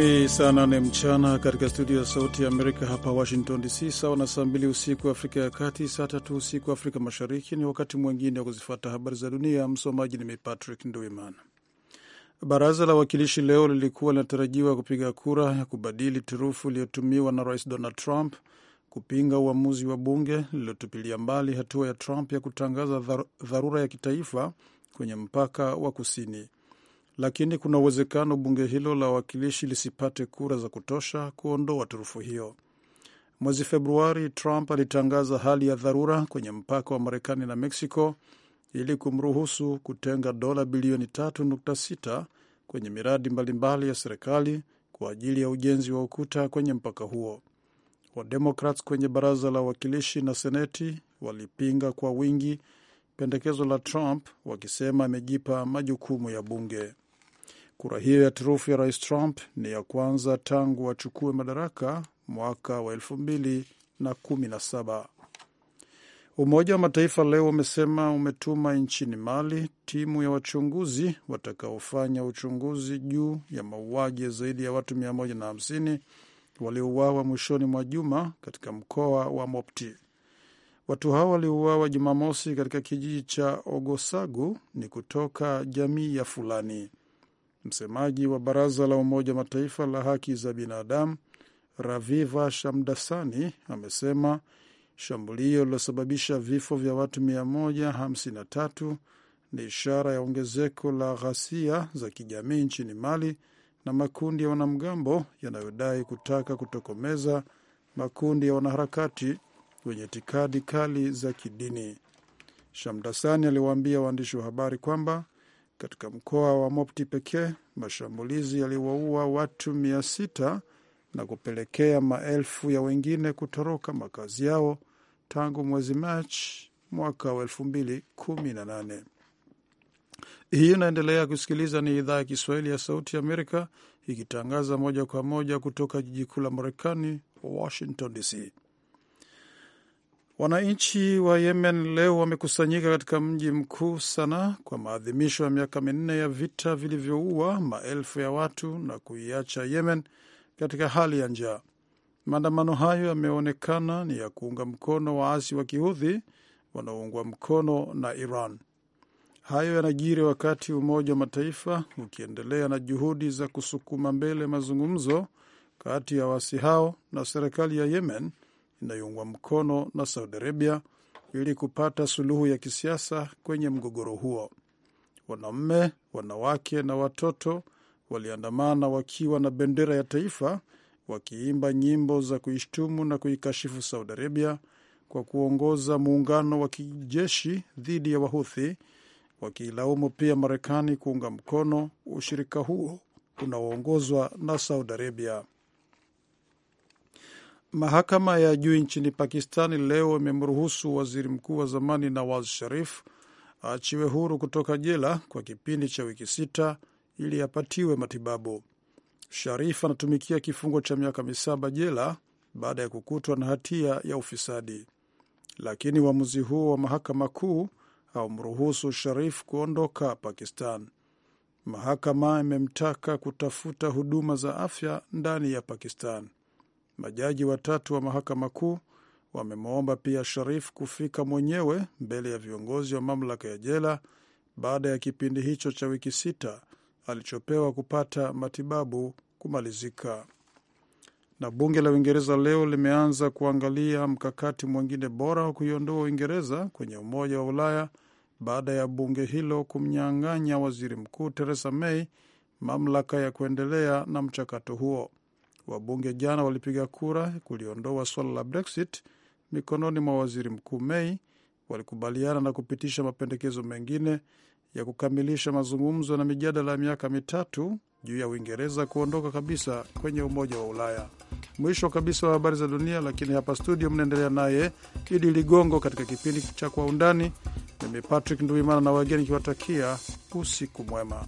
Ni saa nane mchana katika studio ya Sauti ya Amerika hapa Washington DC, sawa na saa mbili usiku Afrika ya Kati, saa tatu usiku Afrika Mashariki. Ni wakati mwingine wa kuzifata habari za dunia. Msomaji ni mipatrick Patrick Baraza la Wawakilishi leo lilikuwa linatarajiwa kupiga kura ya kubadili turufu iliyotumiwa na Rais Donald Trump kupinga uamuzi wa bunge lililotupilia mbali hatua ya Trump ya kutangaza dharura ya kitaifa kwenye mpaka wa kusini lakini kuna uwezekano bunge hilo la wawakilishi lisipate kura za kutosha kuondoa turufu hiyo. Mwezi Februari, Trump alitangaza hali ya dharura kwenye mpaka wa Marekani na Mexico ili kumruhusu kutenga dola bilioni 3.6 kwenye miradi mbalimbali ya serikali kwa ajili ya ujenzi wa ukuta kwenye mpaka huo. Wademokrats kwenye baraza la wawakilishi na seneti walipinga kwa wingi pendekezo la Trump wakisema amejipa majukumu ya bunge. Kura hiyo ya turufu ya rais Trump ni ya kwanza tangu achukue madaraka mwaka wa elfu Umoja wa Mataifa leo umesema umetuma nchini Mali timu ya wachunguzi watakaofanya uchunguzi juu ya mauaji zaidi ya watu 150 waliouawa mwishoni mwa juma katika mkoa wa Mopti. Watu hao waliouawa Jumamosi katika kijiji cha Ogosagu ni kutoka jamii ya Fulani. Msemaji wa baraza la Umoja Mataifa la haki za binadamu Raviva Shamdasani amesema shambulio lilosababisha vifo vya watu 153 ni ishara ya ongezeko la ghasia za kijamii nchini Mali na makundi ya wanamgambo yanayodai kutaka kutokomeza makundi ya wanaharakati wenye itikadi kali za kidini. Shamdasani aliwaambia waandishi wa habari kwamba katika mkoa wa Mopti pekee mashambulizi yaliwaua watu mia sita na kupelekea maelfu ya wengine kutoroka makazi yao tangu mwezi Machi mwaka wa nane. Hii inaendelea kusikiliza, ni idhaa ya Kiswahili ya Sauti ya Amerika ikitangaza moja kwa moja kutoka jiji kuu la Marekani, Washington DC. Wananchi wa Yemen leo wamekusanyika katika mji mkuu sana kwa maadhimisho ya miaka minne ya vita vilivyoua maelfu ya watu na kuiacha Yemen katika hali ya njaa. Maandamano hayo yameonekana ni ya kuunga mkono waasi wa Kihudhi wanaoungwa mkono na Iran. Hayo yanajiri wakati Umoja wa Mataifa ukiendelea na juhudi za kusukuma mbele mazungumzo kati ya waasi hao na serikali ya Yemen inayoungwa mkono na Saudi Arabia ili kupata suluhu ya kisiasa kwenye mgogoro huo. Wanaume, wanawake na watoto waliandamana wakiwa na bendera ya taifa wakiimba nyimbo za kuishtumu na kuikashifu Saudi Arabia kwa kuongoza muungano wa kijeshi dhidi ya Wahuthi, wakiilaumu pia Marekani kuunga mkono ushirika huo unaoongozwa na Saudi Arabia. Mahakama ya juu nchini Pakistani leo imemruhusu waziri mkuu wa zamani Nawaz Sharif aachiwe huru kutoka jela kwa kipindi cha wiki sita ili apatiwe matibabu. Sharif anatumikia kifungo cha miaka misaba jela baada ya kukutwa na hatia ya ufisadi, lakini uamuzi huo wa mahakama kuu haumruhusu Sharif kuondoka Pakistan. Mahakama imemtaka kutafuta huduma za afya ndani ya Pakistan. Majaji watatu wa mahakama kuu wamemwomba pia Sharif kufika mwenyewe mbele ya viongozi wa mamlaka ya jela baada ya kipindi hicho cha wiki sita alichopewa kupata matibabu kumalizika. Na bunge la Uingereza leo limeanza kuangalia mkakati mwingine bora wa kuiondoa Uingereza kwenye Umoja wa Ulaya baada ya bunge hilo kumnyang'anya waziri mkuu Theresa May mamlaka ya kuendelea na mchakato huo. Wabunge jana walipiga kura kuliondoa suala la Brexit mikononi mwa waziri mkuu Mei. Walikubaliana na kupitisha mapendekezo mengine ya kukamilisha mazungumzo na mijadala ya miaka mitatu juu ya Uingereza kuondoka kabisa kwenye Umoja wa Ulaya. Mwisho kabisa wa habari za dunia, lakini hapa studio mnaendelea naye Idi Ligongo katika kipindi cha Kwa Undani. Mimi Patrick Nduimana na wageni kiwatakia usiku mwema.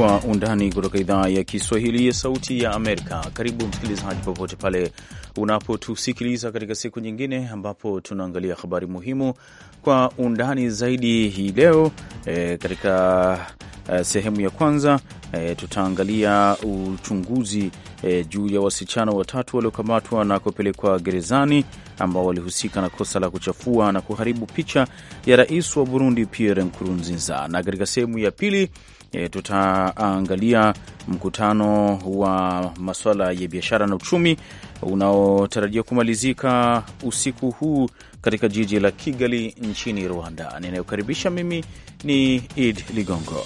Kwa Undani kutoka idhaa ya Kiswahili ya Sauti ya Amerika. Karibu msikilizaji, popote pale unapotusikiliza katika siku nyingine ambapo tunaangalia habari muhimu kwa undani zaidi hii leo. E, katika e, sehemu ya kwanza e, tutaangalia uchunguzi e, juu ya wasichana watatu waliokamatwa na kupelekwa gerezani ambao walihusika na kosa la kuchafua na kuharibu picha ya rais wa Burundi Pierre Nkurunziza, na katika sehemu ya pili e, tutaangalia mkutano wa masuala ya biashara na uchumi unaotarajia kumalizika usiku huu katika jiji la Kigali nchini Rwanda. Ninayokaribisha mimi ni Id Ligongo.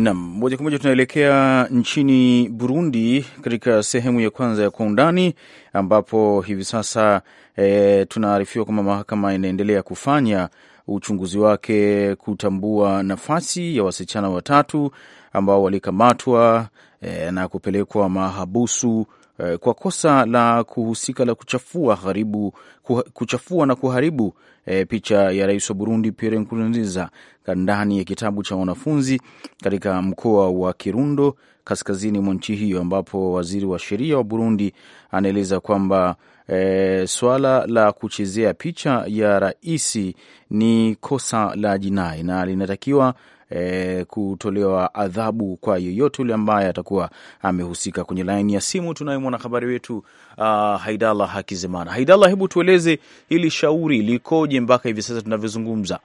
Nam, moja kwa moja tunaelekea nchini Burundi katika sehemu ya kwanza ya Kwa Undani, ambapo hivi sasa e, tunaarifiwa kwamba mahakama inaendelea kufanya uchunguzi wake kutambua nafasi ya wasichana watatu ambao walikamatwa e, na kupelekwa mahabusu Eh, kwa kosa la kuhusika la kuchafua, haribu, kuchafua na kuharibu e, picha ya rais wa Burundi Pierre Nkurunziza ndani ya kitabu cha wanafunzi katika mkoa wa Kirundo kaskazini mwa nchi hiyo, ambapo waziri wa sheria wa Burundi anaeleza kwamba e, swala la kuchezea picha ya rais ni kosa la jinai na linatakiwa e, kutolewa adhabu kwa yeyote yule ambaye atakuwa amehusika. Kwenye laini ya simu tunaye mwanahabari wetu uh, Haidala Hakizemana. Haidala, hebu tueleze hili shauri likoje mpaka hivi sasa tunavyozungumza?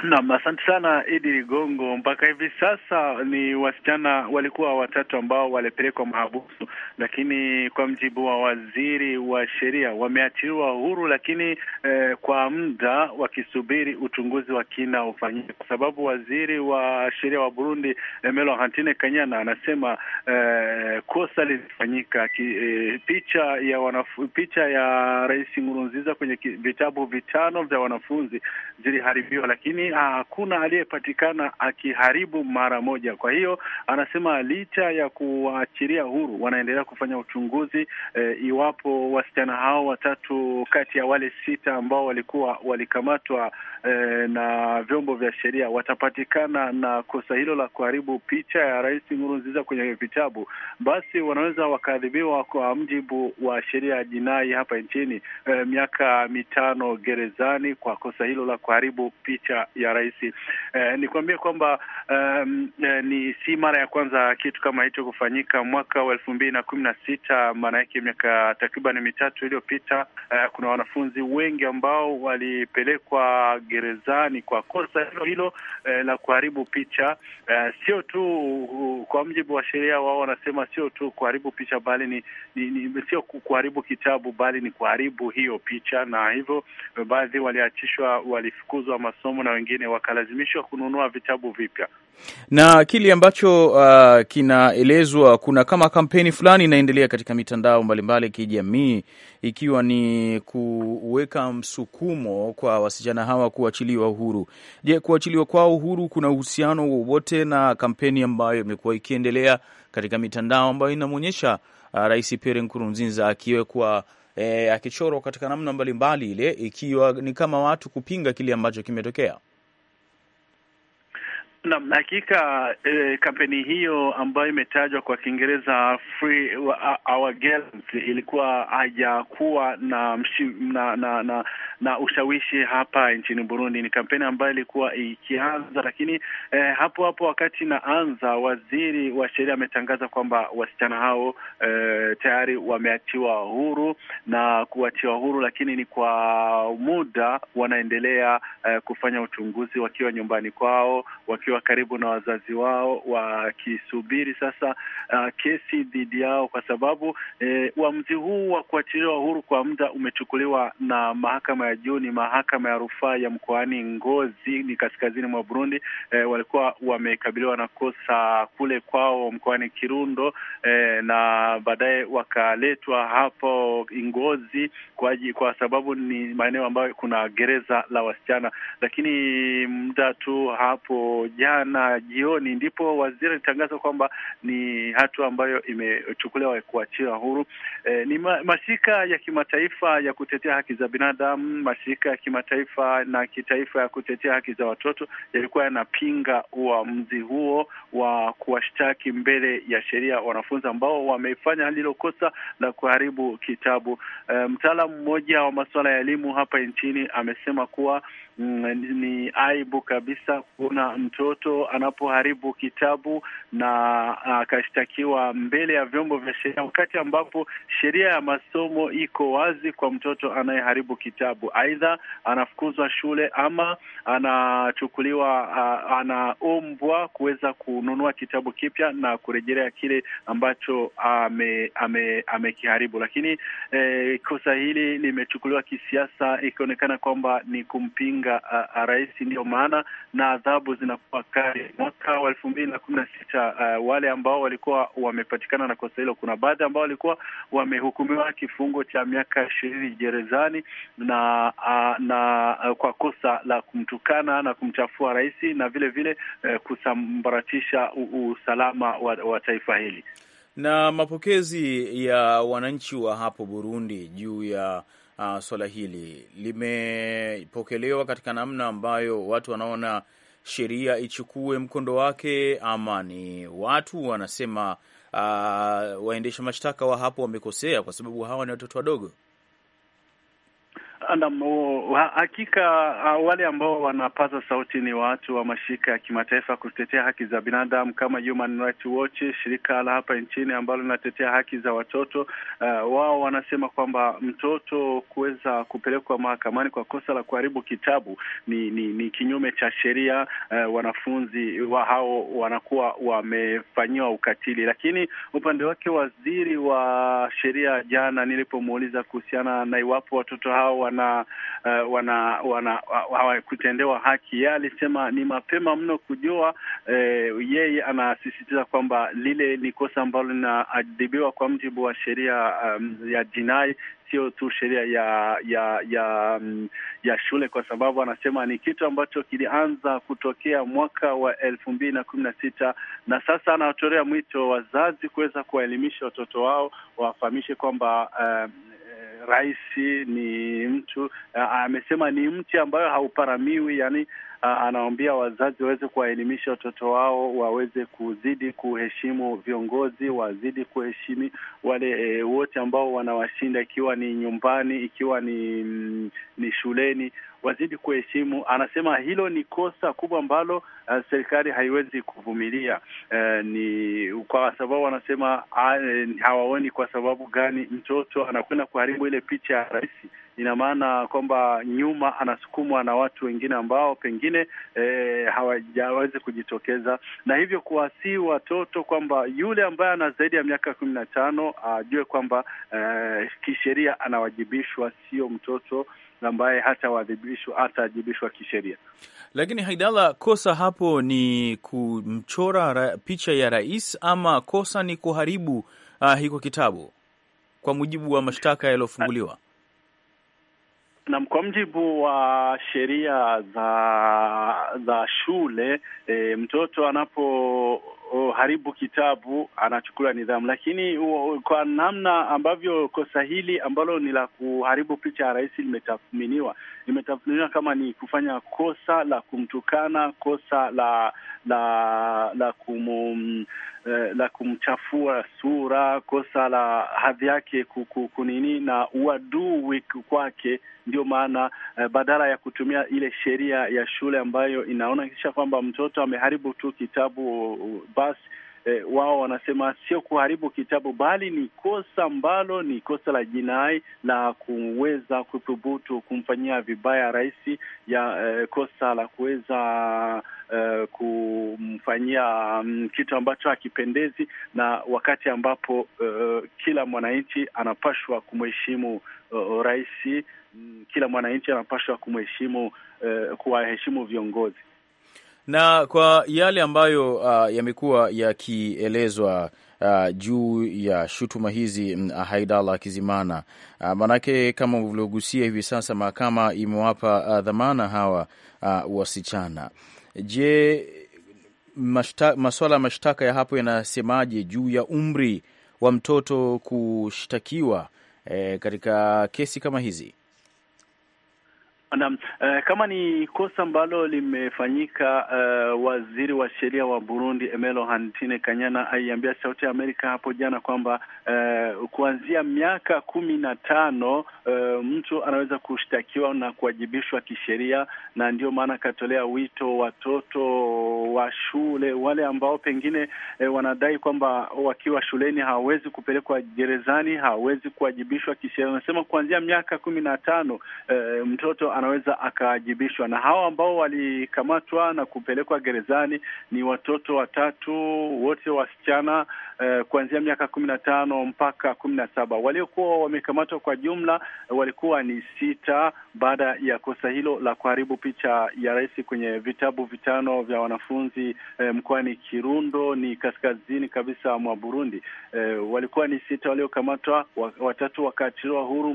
Naam, asante sana Idi Ligongo. Mpaka hivi sasa ni wasichana walikuwa watatu ambao walipelekwa mahabusu, lakini kwa mjibu wa waziri wa sheria wameachiliwa huru, lakini eh, kwa muda wakisubiri uchunguzi wa kina ufanyike, kwa sababu waziri wa sheria wa Burundi Emelo Hantine Kanyana anasema eh, kosa lilifanyika. Eh, picha ya wanafu, picha ya Rais Nkurunziza kwenye vitabu vitano vya wanafunzi ziliharibiwa, lakini lakini ah, hakuna aliyepatikana akiharibu mara moja. Kwa hiyo anasema licha ya kuwaachiria huru, wanaendelea kufanya uchunguzi e, iwapo wasichana hao watatu kati ya wale sita ambao walikuwa walikamatwa e, na vyombo vya sheria watapatikana na kosa hilo la kuharibu picha ya Rais Nkurunziza kwenye vitabu, basi wanaweza wakaadhibiwa kwa mjibu wa sheria ya jinai hapa nchini e, miaka mitano gerezani kwa kosa hilo la kuharibu picha ya rais. Eh, kuambia kwamba um, eh, ni si mara ya kwanza kitu kama hicho kufanyika. Mwaka wa elfu mbili na kumi na sita, maana yake miaka takriban mitatu iliyopita, eh, kuna wanafunzi wengi ambao walipelekwa gerezani kwa kosa hilo hilo eh, la kuharibu picha eh, sio tu kwa mjibu wa sheria wao wanasema sio tu kuharibu picha bali ni, ni, ni sio kuharibu kitabu bali ni kuharibu hiyo picha, na hivyo baadhi waliachishwa, walifukuzwa masomo na wengine wakalazimishwa kununua vitabu vipya. Na kile ambacho uh, kinaelezwa, kuna kama kampeni fulani inaendelea katika mitandao mbalimbali ya kijamii, ikiwa ni kuweka msukumo kwa wasichana hawa kuachiliwa uhuru. Je, kuachiliwa kwao uhuru kuna uhusiano wowote na kampeni ambayo imekuwa ikiendelea katika mitandao ambayo inamwonyesha uh, Rais Pierre Nkurunziza akiwekwa E, akichorwa katika namna mbalimbali ile ikiwa ni kama watu kupinga kile ambacho kimetokea. Naam, hakika eh, kampeni hiyo ambayo imetajwa kwa Kiingereza Free uh, Our Girls ilikuwa hajakuwa na, na, na, na, na ushawishi hapa nchini Burundi. Ni kampeni ambayo ilikuwa ikianza, lakini eh, hapo hapo wakati inaanza, waziri wa sheria ametangaza kwamba wasichana hao eh, tayari wameachiwa huru na kuachiwa huru, lakini ni kwa muda wanaendelea eh, kufanya uchunguzi wakiwa nyumbani kwao wakiwa wakiwa karibu na wazazi wao wakisubiri sasa uh, kesi dhidi yao, kwa sababu eh, huu wa kuachiliwa huru kwa muda umechukuliwa na mahakama ya juu, ni mahakama ya rufaa ya mkoani Ngozi, ni kaskazini mwa Burundi. Eh, walikuwa wamekabiliwa na kosa kule kwao mkoani Kirundo eh, na baadaye wakaletwa hapo Ngozi kwa, kwa sababu ni maeneo ambayo kuna gereza la wasichana, lakini muda tu hapo jana jioni ndipo waziri alitangaza kwamba ni hatua ambayo imechukuliwa kuachia huru. E, ni ma, mashirika ya kimataifa ya kutetea haki za binadamu, mashirika ya kimataifa na kitaifa ya kutetea haki za watoto yalikuwa yanapinga uamuzi huo wa kuwashtaki mbele ya sheria wanafunzi ambao wamefanya lilo kosa la kuharibu kitabu. E, mtaalamu mmoja wa masuala ya elimu hapa nchini amesema kuwa Mm, ni aibu kabisa kuona mtoto anapoharibu kitabu na akashtakiwa mbele ya vyombo vya sheria, wakati ambapo sheria ya masomo iko wazi kwa mtoto anayeharibu kitabu. Aidha, anafukuzwa shule ama anachukuliwa, anaombwa kuweza kununua kitabu kipya na kurejelea kile ambacho amekiharibu. Ame, ame lakini eh, kosa hili limechukuliwa kisiasa, ikionekana kwamba ni kumpinga kupinga uh, rais. Ndiyo maana na adhabu zinakuwa kali. Mwaka wa elfu mbili na kumi na sita uh, wale ambao walikuwa wamepatikana na kosa hilo, kuna baadhi ambao walikuwa wamehukumiwa kifungo cha miaka ishirini gerezani na uh, na uh, kwa kosa la kumtukana na kumchafua rais na vile vile uh, kusambaratisha usalama wa, wa taifa hili na mapokezi ya wananchi wa hapo Burundi juu ya uh, swala hili limepokelewa katika namna ambayo watu wanaona sheria ichukue mkondo wake, ama ni watu wanasema uh, waendesha mashtaka wa hapo wamekosea kwa sababu hawa ni watoto wadogo? Naam, hakika wale ambao wanapaza sauti ni watu wa mashirika ya kimataifa kutetea haki za binadamu kama Human Rights Watch, shirika la hapa nchini ambalo linatetea haki za watoto. Uh, wao wanasema kwamba mtoto kuweza kupelekwa mahakamani kwa kosa la kuharibu kitabu ni, ni, ni kinyume cha sheria. Uh, wanafunzi wa hao wanakuwa wamefanyiwa ukatili. Lakini upande wake waziri wa sheria, jana nilipomuuliza kuhusiana na iwapo watoto hao wana wana, uh, eh, wana, wana hawakutendewa haki. Yeye alisema ni mapema mno kujua. Eh, yeye anasisitiza kwamba lile ni kosa ambalo linaadhibiwa kwa mujibu wa sheria um, ya jinai sio tu sheria ya ya ya um, ya shule, kwa sababu anasema ni kitu ambacho kilianza kutokea mwaka wa elfu mbili na kumi na sita na sasa anawatolea mwito wazazi kuweza kuwaelimisha watoto wao, wawafahamishe kwamba uh, rais ni mtu amesema ni mti ambayo hauparamiwi, yani anawambia wazazi waweze kuwaelimisha watoto wao, waweze kuzidi kuheshimu viongozi, wazidi kuheshimi wale e, wote ambao wanawashinda, ikiwa ni nyumbani, ikiwa ni mm, ni shuleni, wazidi kuheshimu. Anasema hilo ni kosa kubwa ambalo uh, serikali haiwezi kuvumilia. Uh, ni kwa sababu wanasema uh, hawaoni kwa sababu gani mtoto anakwenda kuharibu ile picha ya rais. Ina maana kwamba nyuma anasukumwa na watu wengine ambao pengine eh, hawajawezi kujitokeza, na hivyo kuwasii watoto kwamba yule ambaye ana zaidi ya miaka kumi na tano ajue uh, kwamba uh, kisheria anawajibishwa, sio mtoto na ambaye hata wadhibishwa hata ajibishwa kisheria. Lakini Haidala, kosa hapo ni kumchora ra, picha ya rais ama kosa ni kuharibu uh, hiko kitabu kwa mujibu wa mashtaka yaliyofunguliwa nam kwa mujibu wa sheria za za shule e, mtoto anapo haribu kitabu, anachukua nidhamu. Lakini o, kwa namna ambavyo kosa hili ambalo ni la kuharibu picha ya rais limetathminiwa, limetathminiwa kama ni kufanya kosa la kumtukana, kosa la la la kum, eh, la kumchafua sura, kosa la hadhi yake kunini na uadui kwake. Ndio maana eh, badala ya kutumia ile sheria ya shule ambayo inaona kisha kwamba mtoto ameharibu tu kitabu Abbas eh, wao wanasema sio kuharibu kitabu, bali ni kosa ambalo ni kosa la jinai la kuweza kuthubutu kumfanyia vibaya rais ya eh, kosa la kuweza eh, kumfanyia mm, kitu ambacho hakipendezi, na wakati ambapo eh, kila mwananchi anapashwa kumheshimu eh, rais, mm, kila mwananchi anapashwa kumheshimu eh, kuwaheshimu viongozi na kwa yale ambayo uh, yamekuwa yakielezwa uh, juu ya shutuma hizi mm, Haidala Kizimana uh, maanake kama ulivyogusia hivi sasa mahakama imewapa uh, dhamana hawa uh, wasichana. Je, masuala ya mashtaka ya hapo yanasemaje juu ya umri wa mtoto kushtakiwa eh, katika kesi kama hizi? Naam, eh, kama ni kosa ambalo limefanyika eh, waziri wa sheria wa Burundi Emelo Hantine Kanyana aiambia Sauti ya Amerika hapo jana kwamba eh, kuanzia miaka kumi na tano eh, mtu anaweza kushtakiwa na kuwajibishwa kisheria, na ndio maana akatolea wito watoto wa shule wale ambao pengine eh, wanadai kwamba wakiwa shuleni hawawezi kupelekwa gerezani, hawawezi kuwajibishwa kisheria. Anasema kuanzia miaka kumi na tano eh, mtoto anaweza akajibishwa. Na hao ambao walikamatwa na kupelekwa gerezani ni watoto watatu, wote wasichana Eh, kuanzia miaka kumi na tano mpaka kumi na saba. Waliokuwa wamekamatwa kwa jumla eh, walikuwa ni sita, baada ya kosa hilo la kuharibu picha ya rais kwenye vitabu vitano vya wanafunzi e, mkoani Kirundo, ni kaskazini kabisa mwa Burundi. E, walikuwa ni sita waliokamatwa, watatu wakaachiliwa huru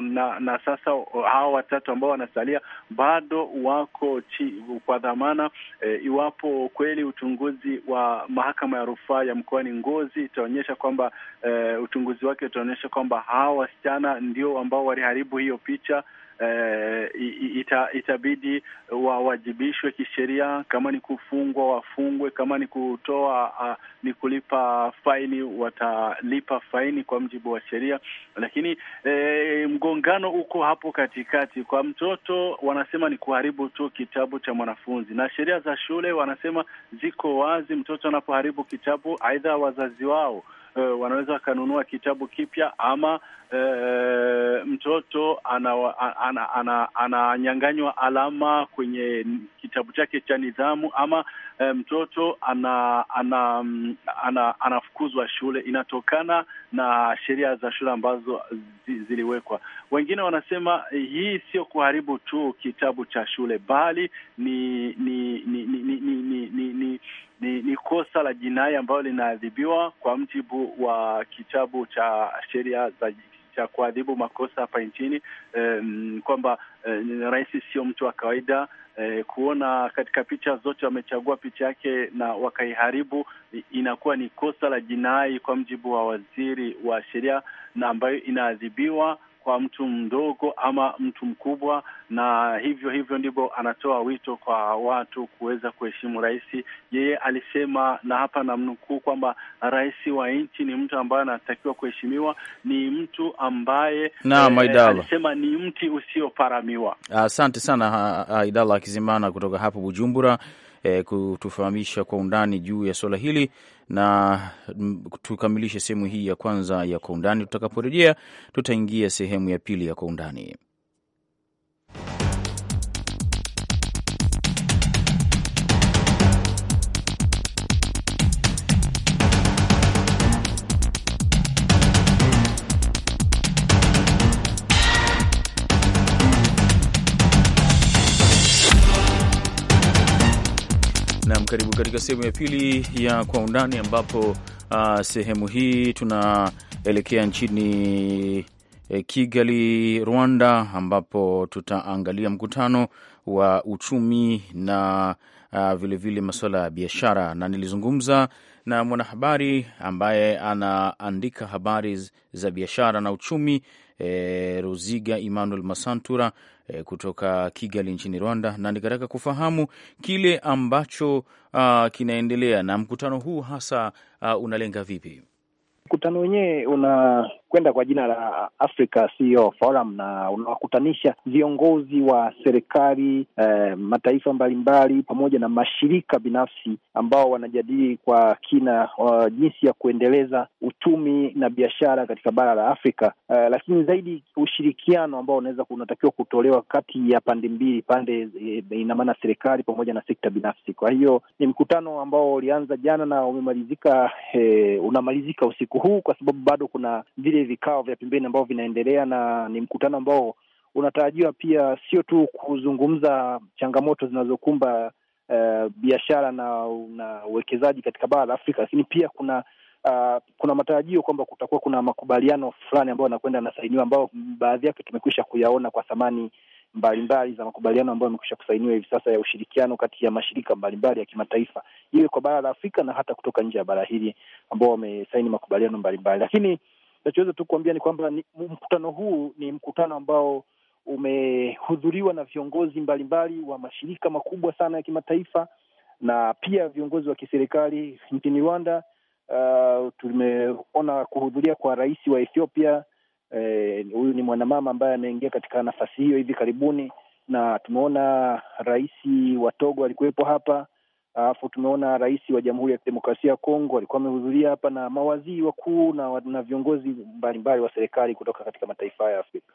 na, na sasa hawa watatu ambao wanasalia bado wako chi, kwa dhamana e, iwapo kweli uchunguzi wa mahakama ya rufaa ya mkoani ngozi, itaonyesha kwamba uh, uchunguzi wake utaonyesha kwamba hawa wasichana ndio ambao waliharibu hiyo picha eh, ita, itabidi wawajibishwe kisheria. Kama ni kufungwa wafungwe, kama ni kutoa uh, ni kulipa faini watalipa faini kwa mjibu wa sheria, lakini eh, mgongano uko hapo katikati. Kwa mtoto wanasema ni kuharibu tu kitabu cha mwanafunzi, na sheria za shule wanasema ziko wazi, mtoto anapoharibu kitabu aidha wazazi wao uh, wanaweza wakanunua kitabu kipya ama uh, mtoto ananyang'anywa ana, ana, ana, ana alama kwenye kitabu chake cha nidhamu ama mtoto ana anafukuzwa ana, ana, ana shule, inatokana na sheria za shule ambazo ziliwekwa. Wengine wanasema hii sio kuharibu tu kitabu cha shule, bali ni ni ni ni ni, ni, ni ni, ni kosa la jinai ambayo linaadhibiwa kwa mjibu wa kitabu cha sheria za cha kuadhibu makosa hapa nchini eh, mm, kwamba eh, rais sio mtu wa kawaida eh, kuona katika picha zote wamechagua picha yake na wakaiharibu, inakuwa ni kosa la jinai kwa mjibu wa waziri wa sheria, na ambayo inaadhibiwa kwa mtu mdogo ama mtu mkubwa, na hivyo hivyo ndivyo anatoa wito kwa watu kuweza kuheshimu rais. Yeye alisema, na hapa namnukuu, kwamba rais wa nchi ni mtu ambaye anatakiwa kuheshimiwa, ni mtu ambaye na, e, eh, alisema ni mti usioparamiwa. Asante sana Aidala Kizimana kutoka hapo Bujumbura eh, kutufahamisha kwa undani juu ya swala hili na tukamilishe sehemu hii ya kwanza ya kwa undani. Tutakaporejea tutaingia sehemu ya pili ya kwa undani. karibu katika sehemu ya pili ya Kwa Undani, ambapo uh, sehemu hii tunaelekea nchini eh, Kigali, Rwanda, ambapo tutaangalia mkutano wa uchumi na vilevile uh, vile masuala ya biashara, na nilizungumza na mwanahabari ambaye anaandika habari za biashara na uchumi e, Ruziga Emmanuel Masantura e, kutoka Kigali nchini Rwanda, na nikataka kufahamu kile ambacho a, kinaendelea na mkutano huu hasa a, unalenga vipi? Mkutano wenyewe una kwenda kwa jina la Africa CEO Forum, na unawakutanisha viongozi wa serikali eh, mataifa mbalimbali pamoja na mashirika binafsi ambao wanajadili kwa kina uh, jinsi ya kuendeleza uchumi na biashara katika bara la Afrika uh, lakini zaidi ushirikiano ambao unaweza unatakiwa kutolewa kati ya pande mbili pande eh, ina maana serikali pamoja na sekta binafsi. Kwa hiyo ni mkutano ambao ulianza jana na umemalizika eh, unamalizika usiku huu kwa sababu bado kuna vile vile vikao vya pembeni ambavyo vinaendelea, na ni mkutano ambao unatarajiwa pia sio tu kuzungumza changamoto zinazokumba uh, biashara na na uwekezaji katika bara la Afrika, lakini pia kuna uh, kuna matarajio kwamba kutakuwa kuna makubaliano fulani ambayo yanakwenda yanasainiwa, ambayo baadhi yake tumekwisha kuyaona kwa thamani mbalimbali za makubaliano ambayo yamekwisha kusainiwa hivi sasa ya ushirikiano kati ya mashirika mbalimbali ya kimataifa, iwe kwa bara la Afrika na hata kutoka nje ya bara hili, ambao wamesaini makubaliano mbalimbali. Lakini Nachoweza tu kuambia ni kwamba mkutano huu ni mkutano ambao umehudhuriwa na viongozi mbalimbali mbali wa mashirika makubwa sana ya kimataifa na pia viongozi wa kiserikali nchini Rwanda. Uh, tumeona kuhudhuria kwa rais wa Ethiopia eh, huyu, eh, ni mwanamama ambaye ameingia katika nafasi hiyo hivi karibuni, na tumeona rais wa Togo alikuwepo hapa Alafu tumeona rais wa Jamhuri ya Kidemokrasia ya Kongo alikuwa amehudhuria hapa na mawaziri wakuu na, na viongozi mbalimbali wa serikali kutoka katika mataifa ya Afrika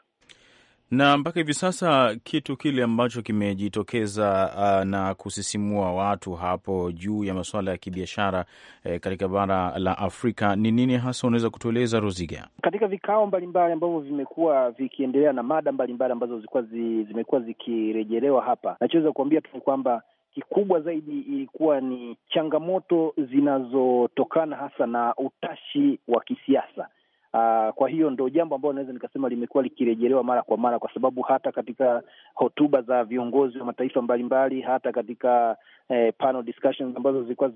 na mpaka hivi sasa kitu kile ambacho kimejitokeza uh, na kusisimua watu hapo juu ya masuala ya kibiashara eh, katika bara la Afrika ni nini hasa, unaweza kutueleza Roziga? Katika vikao mbalimbali ambavyo vimekuwa vikiendelea na mada mbalimbali ambazo zilikuwa zimekuwa zikirejelewa hapa, nachoweza kuambia tu ni kwamba kikubwa zaidi ilikuwa ni changamoto zinazotokana hasa na utashi wa kisiasa. Uh, kwa hiyo ndo jambo ambalo naweza nikasema limekuwa likirejelewa mara kwa mara, kwa sababu hata katika hotuba za viongozi wa mataifa mbalimbali, hata katika eh, panel discussions ambazo zilikuwa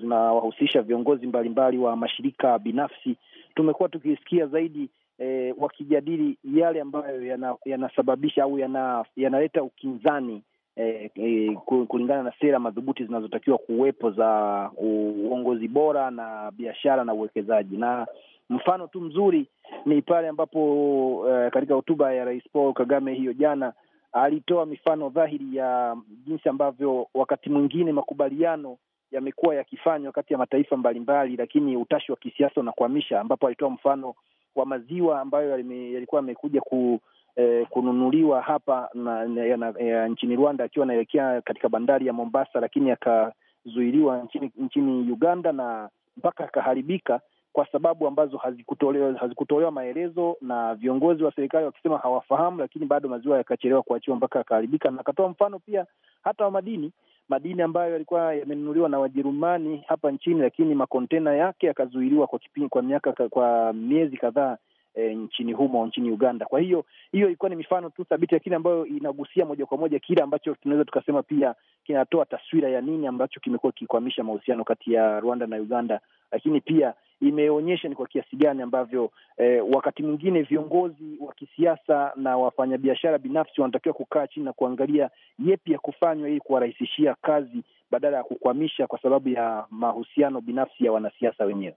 zinawahusisha zina, zina viongozi mbalimbali wa mashirika binafsi, tumekuwa tukisikia zaidi eh, wakijadili yale ambayo yanasababisha yana au yanaleta yana ukinzani eh, eh, kulingana na sera madhubuti zinazotakiwa kuwepo za uongozi bora na biashara na uwekezaji. Na mfano tu mzuri ni pale ambapo eh, katika hotuba ya Rais Paul Kagame hiyo jana alitoa mifano dhahiri ya jinsi ambavyo wakati mwingine makubaliano yamekuwa yakifanywa kati ya mataifa mbalimbali, lakini utashi wa kisiasa unakwamisha, ambapo alitoa mfano wa maziwa ambayo yalikuwa yamekuja ku eh, kununuliwa hapa na, na, na, ya, nchini Rwanda akiwa anaelekea katika bandari ya Mombasa, lakini akazuiliwa nchini, nchini Uganda na mpaka akaharibika kwa sababu ambazo hazikutolewa hazikutolewa maelezo na viongozi wa serikali wakisema hawafahamu, lakini bado maziwa yakachelewa kuachiwa mpaka akaharibika. Na akatoa mfano pia hata wa madini, madini ambayo yalikuwa yamenunuliwa na Wajerumani hapa nchini, lakini makontena yake yakazuiliwa kwa kipindi, kwa miaka, kwa miezi kadhaa e, nchini humo nchini Uganda. Kwa hiyo hiyo ilikuwa ni mifano tu thabiti, lakini ambayo inagusia moja kwa moja kile ambacho tunaweza tukasema pia kinatoa taswira ya nini ambacho kimekuwa kikikwamisha mahusiano kati ya Rwanda na Uganda, lakini pia imeonyesha ni kwa kiasi gani ambavyo eh, wakati mwingine viongozi wa kisiasa na wafanyabiashara binafsi wanatakiwa kukaa chini na kuangalia yepi ya kufanywa ili kuwarahisishia kazi badala ya kukwamisha kwa sababu ya mahusiano binafsi ya wanasiasa wenyewe.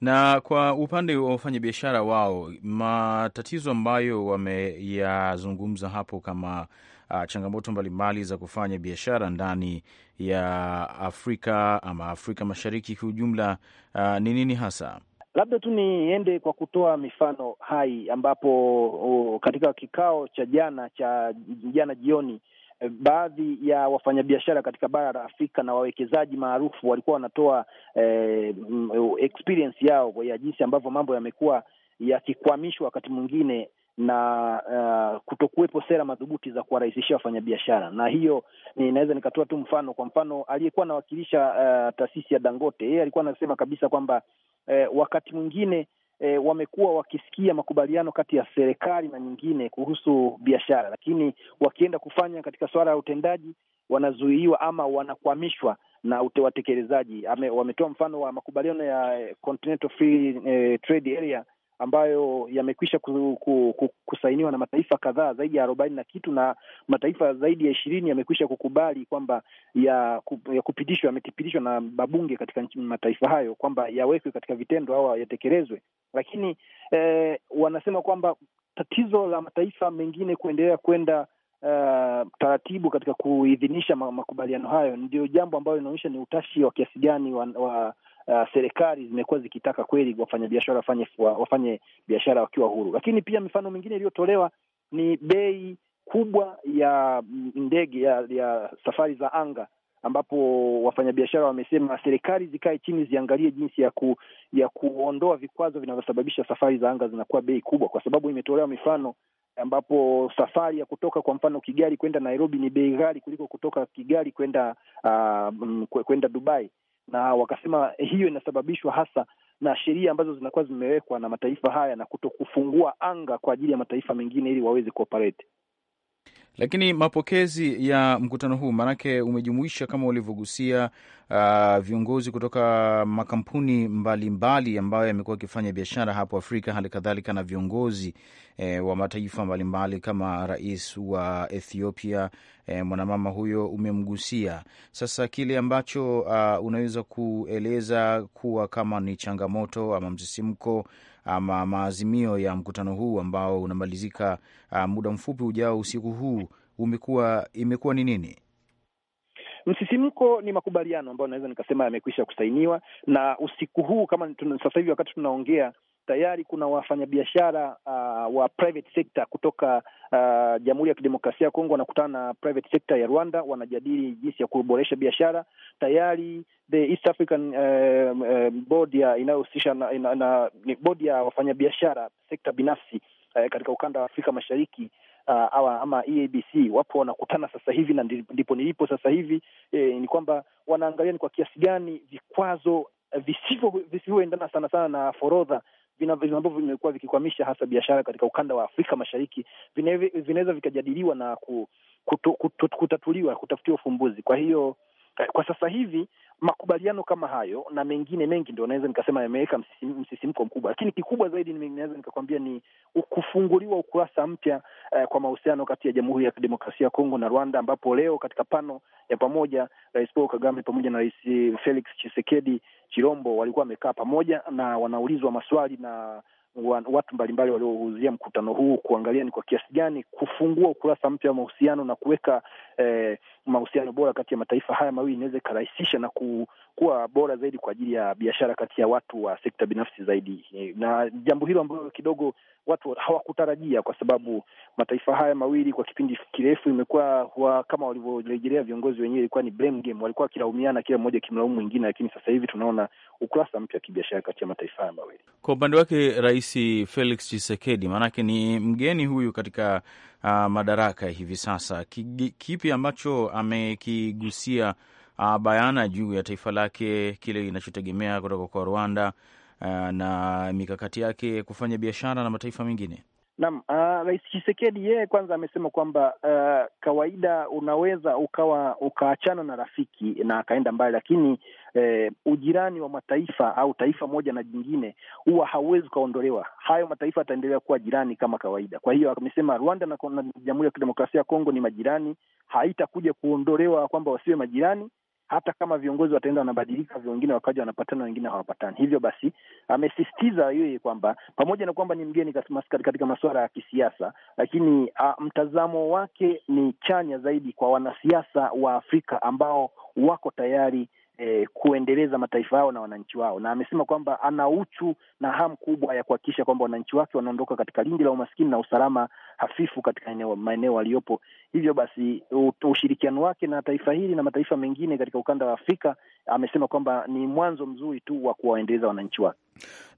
Na kwa upande wa wafanyabiashara wao, matatizo ambayo wameyazungumza hapo kama uh, changamoto mbalimbali za kufanya biashara ndani ya Afrika ama Afrika Mashariki kwa ujumla ah, ni uh, nini hasa? Labda tu niende kwa kutoa mifano hai ambapo uh, katika kikao cha jana cha jana jioni Eh, baadhi ya wafanyabiashara katika bara la Afrika na wawekezaji maarufu walikuwa wanatoa eh, mm, experience yao ya jinsi ambavyo mambo yamekuwa yakikwamishwa wakati mwingine na uh, kutokuwepo sera madhubuti za kuwarahisishia wafanyabiashara, na hiyo ninaweza nikatoa tu mfano. Kwa mfano, aliyekuwa anawakilisha uh, taasisi ya Dangote, yeye alikuwa anasema kabisa kwamba uh, wakati mwingine e, wamekuwa wakisikia makubaliano kati ya serikali na nyingine kuhusu biashara, lakini wakienda kufanya katika suala ya utendaji wanazuiwa ama wanakwamishwa na watekelezaji. Wametoa mfano wa makubaliano ya eh, Continental Free eh, Trade Area ambayo yamekwisha kusainiwa na mataifa kadhaa zaidi ya arobaini na kitu, na mataifa zaidi ya ishirini yamekwisha kukubali kwamba ya kupitishwa, yamepitishwa na mabunge katika mataifa hayo kwamba yawekwe katika vitendo au yatekelezwe. Lakini eh, wanasema kwamba tatizo la mataifa mengine kuendelea kwenda Uh, taratibu katika kuidhinisha makubaliano hayo ndio jambo ambayo inaonyesha ni utashi wa kiasi gani wa, wa uh, serikali zimekuwa zikitaka kweli wafanyabiashara wafanye wafanye biashara wakiwa huru, lakini pia mifano mingine iliyotolewa ni bei kubwa ya mm, ndege ya, ya safari za anga ambapo wafanyabiashara wamesema serikali zikae chini ziangalie jinsi ya ku, ya kuondoa vikwazo vinavyosababisha safari za anga zinakuwa bei kubwa, kwa sababu imetolewa mifano ambapo safari ya kutoka kwa mfano Kigali kwenda Nairobi ni bei ghali kuliko kutoka Kigali kwenda uh, mm, kwenda Dubai na wakasema hiyo inasababishwa hasa na sheria ambazo zinakuwa zimewekwa na mataifa haya na kuto kufungua anga kwa ajili ya mataifa mengine ili waweze kuoperate. Lakini mapokezi ya mkutano huu maanake umejumuisha kama ulivyogusia uh, viongozi kutoka makampuni mbalimbali ambayo yamekuwa akifanya biashara hapo Afrika, hali kadhalika na viongozi eh, wa mataifa mbalimbali mbali, kama rais wa Ethiopia eh, mwanamama huyo umemgusia. Sasa kile ambacho uh, unaweza kueleza kuwa kama ni changamoto ama msisimko ama maazimio ya mkutano huu ambao unamalizika ah, muda mfupi ujao usiku huu umekuwa imekuwa ni nini? Msisimko ni makubaliano ambayo naweza nikasema yamekwisha kusainiwa, na usiku huu kama sasa hivi wakati tunaongea tayari kuna wafanyabiashara uh, wa private sector kutoka uh, Jamhuri ya Kidemokrasia ya Kongo wanakutana na private sector ya Rwanda, wanajadili jinsi ya kuboresha biashara. Tayari the East African uh, uh, board ya inayohusisha na, na, na bodi ya wafanyabiashara sekta binafsi uh, katika ukanda wa Afrika Mashariki Uh, ama EABC wapo wanakutana sasa hivi, na ndipo nilipo sasa hivi eh, ni kwamba wanaangalia ni kwa kiasi gani vikwazo visivyoendana sana sana na forodha ambavyo vimekuwa vikikwamisha hasa biashara katika ukanda wa Afrika Mashariki vinaweza vikajadiliwa na kutatuliwa, kutafutiwa ufumbuzi. Kwa hiyo Eh, kwa sasa hivi makubaliano kama hayo na mengine mengi ndo naweza nikasema yameweka msisimko mkubwa, lakini kikubwa zaidi naweza nikakwambia ni kufunguliwa ukurasa mpya eh, kwa mahusiano kati ya Jamhuri ya Kidemokrasia ya Kongo na Rwanda, ambapo leo katika pano ya pamoja Rais Paul Kagame pamoja na Rais Felix chisekedi chirombo walikuwa wamekaa pamoja na wanaulizwa maswali na watu mbalimbali waliohudhuria mkutano huu kuangalia ni kwa kiasi gani kufungua ukurasa mpya wa mahusiano na kuweka eh, mahusiano bora kati ya mataifa haya mawili inaweza ikarahisisha na ku, kuwa bora zaidi kwa ajili ya biashara kati ya watu wa sekta binafsi zaidi, na jambo hilo ambalo kidogo watu hawakutarajia, kwa sababu mataifa haya mawili kwa kipindi kirefu imekuwa kama walivyorejelea viongozi wenyewe, ilikuwa ni blame game, walikuwa wakilaumiana, kila mmoja akimlaumu mwingine, lakini sasa hivi tunaona ukurasa mpya wa kibiashara kati ya mataifa haya mawili. Kwa upande wake Rais Felix Tshisekedi, maanake ni mgeni huyu katika uh, madaraka hivi sasa, kipi ambacho amekigusia uh, bayana juu ya taifa lake, kile inachotegemea kutoka kwa Rwanda uh, na mikakati yake kufanya biashara na mataifa mengine. Naam, uh, Rais chisekedi yeye kwanza amesema kwamba uh, kawaida unaweza ukawa ukaachana na rafiki na akaenda mbali, lakini uh, ujirani wa mataifa au taifa moja na jingine huwa hauwezi ukaondolewa. Hayo mataifa yataendelea kuwa jirani kama kawaida. Kwa hiyo amesema Rwanda na Jamhuri ya Kidemokrasia ya Kongo ni majirani, haitakuja kuondolewa kwamba wasiwe majirani hata kama viongozi wataenda wanabadilika, wengine wakaja wanapatana, wengine hawapatani. Hivyo basi, amesisitiza yeye kwamba pamoja na kwamba ni mgeni katika masuala ya kisiasa, lakini a, mtazamo wake ni chanya zaidi kwa wanasiasa wa Afrika ambao wako tayari eh, kuendeleza mataifa yao na wananchi wao, na amesema kwamba ana uchu na hamu kubwa ya kuhakikisha kwamba wananchi wake wanaondoka katika lindi la umaskini na usalama hafifu katika eneo, maeneo waliyopo. Hivyo basi ushirikiano wake na taifa hili na mataifa mengine katika ukanda wa Afrika amesema kwamba ni mwanzo mzuri tu wa kuwaendeleza wananchi wake.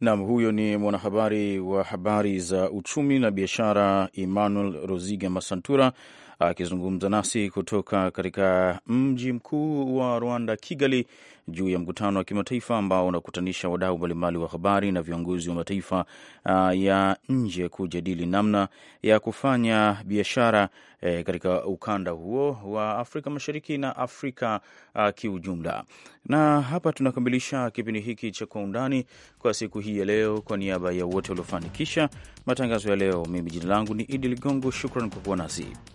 Naam, huyo ni mwanahabari wa habari za uchumi na biashara Emmanuel Roziga Masantura akizungumza nasi kutoka katika mji mkuu wa Rwanda, Kigali, juu ya mkutano wa kimataifa ambao unakutanisha wadau mbalimbali wa habari na viongozi wa mataifa uh, ya nje kujadili namna ya kufanya biashara uh, katika ukanda huo wa Afrika Mashariki na Afrika uh, kiujumla. Na hapa tunakamilisha kipindi hiki cha Kwa Undani kwa siku hii ya leo. Kwa niaba ya wote waliofanikisha matangazo ya leo, mimi jina langu ni Idi Ligongo. Shukran kwa kuwa nasi.